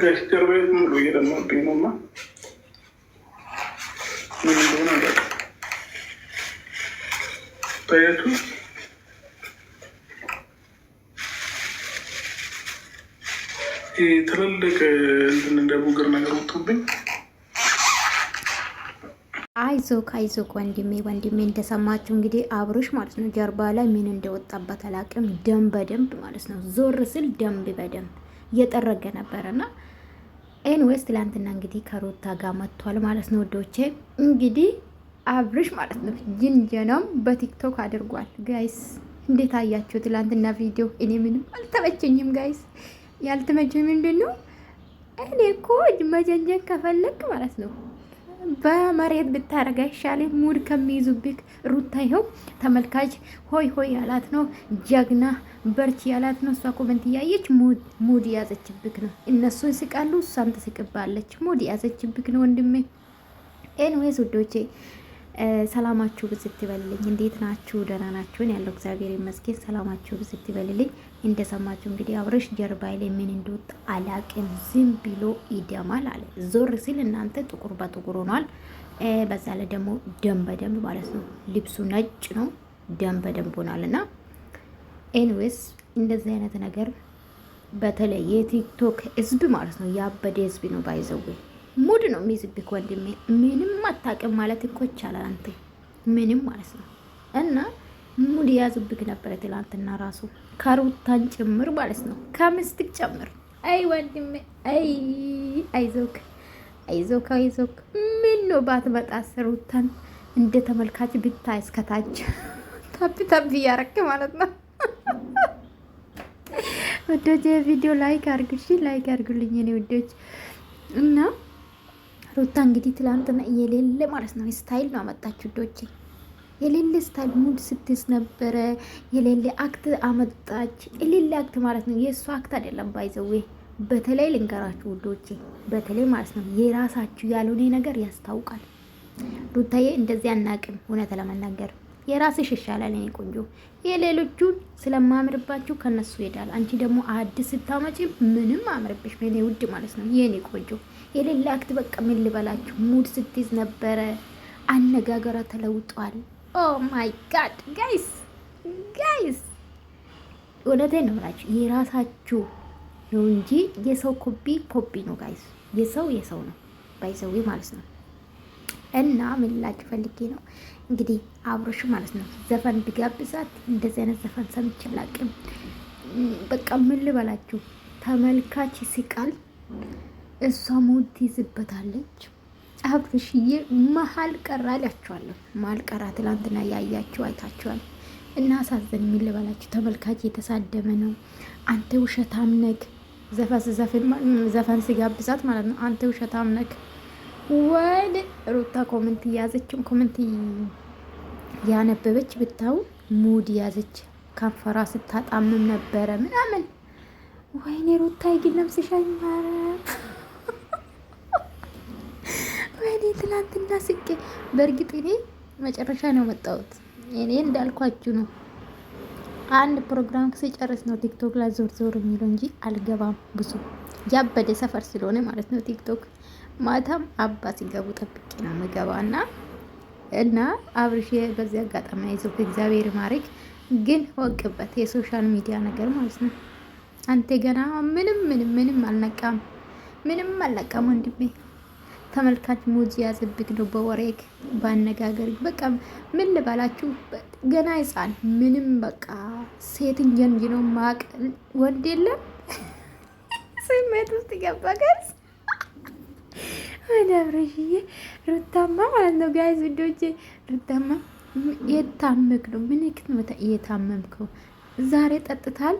ጀርባዬ ሙሉ እየደማብኝ ነው እና ምን እንደሆነ አላውቅም። ታየቱ ትልልቅ እንትን እንደ ቡግር ነገር ወጥቶብኝ አይዞክ አይዞክ ወንድሜ ወንድሜ፣ እንደሰማችሁ እንግዲህ አብሮሽ ማለት ነው ጀርባ ላይ ምን እንደወጣበት አላቅም። ደም በደንብ ማለት ነው ዞር ስል ደም በደንብ እየጠረገ ነበረ እና ኤንዌስ ትላንትና እንግዲህ ከሩታ ጋር መጥቷል ማለት ነው ወዶቼ። እንግዲህ አብርሽ ማለት ነው ጅንጀናም በቲክቶክ አድርጓል። ጋይስ እንዴት አያችሁ ትላንትና ቪዲዮ? እኔ ምንም አልተመቸኝም ጋይስ። ያልተመቸኝ ምንድን ነው? እኔ እኮ መጀንጀን ከፈለግ ማለት ነው በመሬት ብታረጋ ይሻለ ሙድ ከሚይዙብክ። ሩታ ይኸው ተመልካች ሆይ ሆይ ያላት ነው፣ ጀግና በርች ያላት ነው። እሷ ኮመንት እያየች ሙድ ያዘችብክ ነው። እነሱ ይስቃሉ፣ እሷም ትስቅባለች። ሙድ ያዘችብክ ነው ወንድሜ። ኤንዌይስ ውዶቼ ሰላማችሁ ብዝት ይበልልኝ። እንዴት ናችሁ? ደህና ናችሁን? ያለው እግዚአብሔር ይመስገን። ሰላማችሁ ብዝት ይበልልኝ። እንደሰማችሁ እንግዲህ አብረሽ ጀርባይ ላይ ምን እንደወጣ አላቅም፣ ዝም ብሎ ይደማል አለ። ዞር ሲል እናንተ ጥቁር በጥቁር ሆኗል። በዛ ላይ ደግሞ ደም በደንብ ማለት ነው። ልብሱ ነጭ ነው፣ ደም በደንብ ሆኗል። እና ኤንዌስ እንደዚህ አይነት ነገር በተለይ የቲክቶክ ህዝብ ማለት ነው ያበደ ህዝብ ነው ባይዘዌ ሙድ ነው የሚይዝብህ ወንድሜ። ምንም አታውቅም ማለት እኮ ይቻላል። አንተ ምንም ማለት ነው እና ሙድ የያዙብህ ነበረ ትላንትና ራሱ ከሩታን ጭምር ማለት ነው ከምስትክ ጨምር። አይ ወንድሜ፣ አይ አይዞክ፣ አይዞክ፣ አይዞክ። ምን ነው ባትመጣስ ሩታን እንደ ተመልካች ብታይ እስከታች ታብ ታብ እያረክ ማለት ነው። ወደጀ ቪዲዮ ላይክ አርግሽ፣ ላይክ አርግልኝ እኔ ወዶች እና ሩታ እንግዲህ ትላንትና የሌለ ማለት ነው ስታይል ነው አመጣችሁ ዶቼ የሌለ ስታይል ሙድ ስትስ ነበረ። የሌለ አክት አመጣች። የሌለ አክት ማለት ነው የእሱ አክት አይደለም። ባይዘዌ በተለይ ልንገራችሁ ውዶቼ፣ በተለይ ማለት ነው የራሳችሁ ያልሆነ ነገር ያስታውቃል። ሩታዬ እንደዚህ አናቅም እውነት ለመናገር የራስሽ ይሻላል እኔ ቆንጆ። የሌሎቹን ስለማምርባችሁ ከነሱ ይሄዳል። አንቺ ደግሞ አዲስ ስታመጪ ምንም አምርብሽ የኔ ውድ ማለት ነው የኔ ቆንጆ። የሌላ አክት በቃ ምን ልበላችሁ፣ ሙድ ስትይዝ ነበረ። አነጋገሯ ተለውጧል። ኦ ማይ ጋድ ጋይስ ጋይስ፣ እውነቴን ነው የምላችሁ የራሳችሁ ነው እንጂ የሰው ኮፒ ኮፒ ነው ጋይስ። የሰው የሰው ነው ባይሰዊ ማለት ነው። እና ምን ላችሁ ፈልጌ ነው እንግዲህ አብሮሽ ማለት ነው ዘፈን ቢጋብዛት እንደዚህ አይነት ዘፈን ሰምቼ አላውቅም። በቃ ምን ልበላችሁ፣ ተመልካች ሲቃል እሷ ሙድ ይዝበታለች። አብርሽዬ መሀል ቀራ እላችኋለሁ፣ መሀል ቀራ። ትላንትና ያያችሁ አይታችኋል። እና አሳዘን ምን ልበላችሁ፣ ተመልካች የተሳደመ ነው። አንተ ውሸታም ነክ ዘፈን ዘፈን ሲጋብዛት ማለት ነው አንተ ውሸታም ነክ ወደ ሩታ ኮመንት ያዘችን ኮመንት ያነበበች ብታው ሙድ ያዘች። ከንፈራ ስታጣምም ነበረ ምናምን። ወይኔ ሩታ ግን ነፍስሽ አይማረም። ወይኔ ትላንትና ስቄ። በእርግጥ እኔ መጨረሻ ነው መጣሁት። እኔ እንዳልኳችሁ ነው አንድ ፕሮግራም ስጨርስ ነው ቲክቶክ ላይ ዞር ዞር የሚለው እንጂ አልገባም ብዙ ያበደ ሰፈር ስለሆነ ማለት ነው ቲክቶክ። ማታም አባ ሲገቡ ጠብቄ ነው ምገባ እና እና አብርሽ በዚህ አጋጣሚ አይዞህ እግዚአብሔር ማሪክ ግን ወቅበት የሶሻል ሚዲያ ነገር ማለት ነው። አንተ ገና ምንም ምንም ምንም አልነቃም፣ ምንም አልነቃም ወንድሜ። ተመልካች ሙዚ ያዘብክ ነው በወሬክ በአነጋገር በቃ ምን ልባላችሁ፣ ገና ሕፃን ምንም በቃ ሴትን ጀንጅኖ ማቅ ወንድ የለም። ስሜት ውስጥ ገባ አብረሽዬ ሩታማ ማለት ነው። ጋይዝ ውዶቼ ሩታማ የታመክ ነው ምን ዛሬ ጠጥታል